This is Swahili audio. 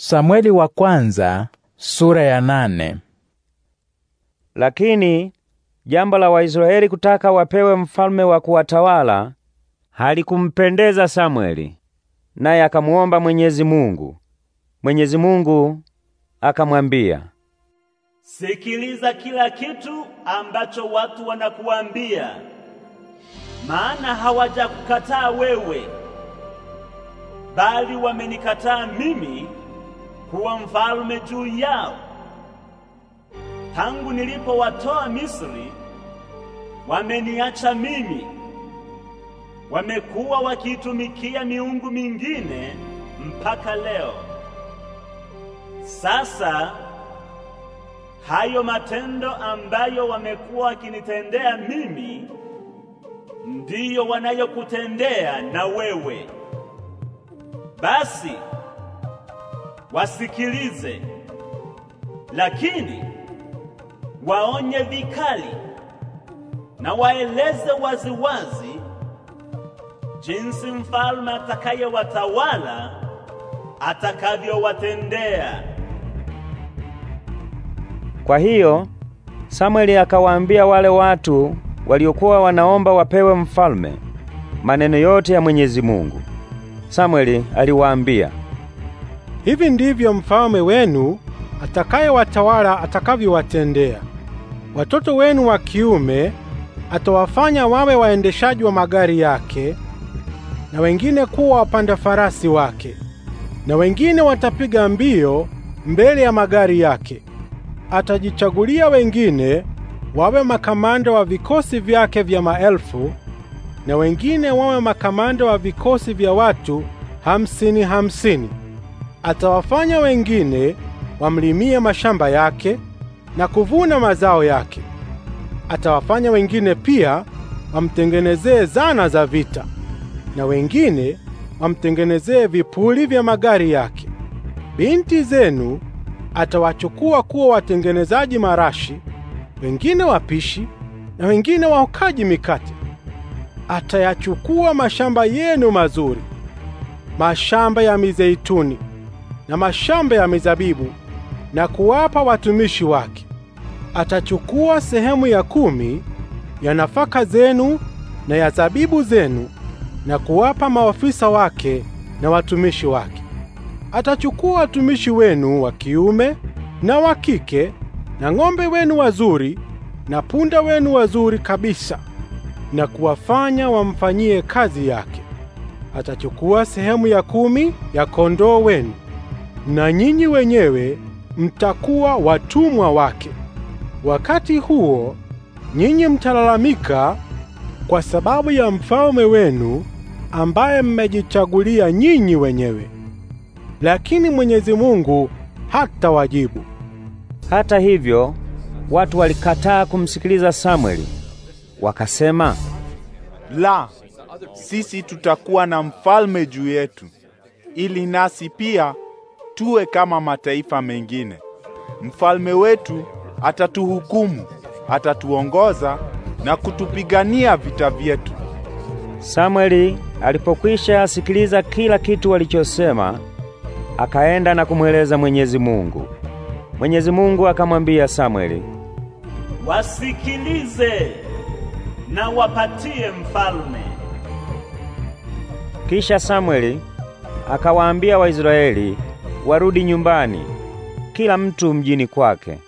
Samweli wa kwanza sura ya nane. Lakini jambo la Waisraeli kutaka wapewe mfalme wa kuwatawala halikumpendeza Samweli, naye akamuomba Mwenyezi Mungu. Mwenyezi Mungu akamwambia, sikiliza kila kitu ambacho watu wanakuambia, maana hawajakukataa wewe, bali wamenikataa mimi kuwa mfalme juu yao. Tangu nilipowatoa Misri, wameniacha mimi, wamekuwa wakiitumikia miungu mingine mpaka leo. Sasa hayo matendo ambayo wamekuwa wakinitendea mimi ndiyo wanayokutendea na wewe. Basi wasikilize, lakini waonye vikali na waeleze waziwazi jinsi mfalme atakayewatawala atakavyowatendea. Kwa hiyo Samweli akawaambia wale watu waliokuwa wanaomba wapewe mfalme maneno yote ya Mwenyezi Mungu. Samweli aliwaambia Hivi ndivyo mfalme wenu atakayewatawala atakavyowatendea. Watoto wenu wa kiume atawafanya wawe waendeshaji wa magari yake, na wengine kuwa wapanda farasi wake, na wengine watapiga mbio mbele ya magari yake. Atajichagulia wengine wawe makamanda wa vikosi vyake vya maelfu, na wengine wawe makamanda wa vikosi vya watu hamsini hamsini atawafanya wengine wamlimie mashamba yake na kuvuna mazao yake. Atawafanya wengine pia wamtengenezee zana za vita na wengine wamtengenezee vipuli vya magari yake. Binti zenu atawachukua kuwa watengenezaji marashi, wengine wapishi na wengine waokaji mikate. Atayachukua mashamba yenu mazuri, mashamba ya mizeituni na mashamba ya mizabibu na kuwapa watumishi wake. Atachukua sehemu ya kumi ya nafaka zenu na ya zabibu zenu na kuwapa maofisa wake na watumishi wake. Atachukua watumishi wenu wa kiume na wa kike na ng'ombe wenu wazuri na punda wenu wazuri kabisa na kuwafanya wamfanyie kazi yake. Atachukua sehemu ya kumi ya kondoo wenu na nyinyi wenyewe mtakuwa watumwa wake. Wakati huo nyinyi mtalalamika kwa sababu ya mfalme wenu ambaye mmejichagulia nyinyi wenyewe, lakini Mwenyezi Mungu hata wajibu. Hata hivyo, watu walikataa kumsikiliza Samweli, wakasema, la, sisi tutakuwa na mfalme juu yetu, ili nasi pia tuwe kama mataifa mengine. Mfalme wetu atatuhukumu, atatuongoza na kutupigania vita vyetu. Samweli alipokwisha sikiliza kila kitu walichosema, akaenda na kumweleza Mwenyezi Mungu. Mwenyezi Mungu akamwambia Samweli, wasikilize na wapatie mfalme. Kisha Samweli akawaambia Waisraeli warudi nyumbani, kila mtu mjini kwake.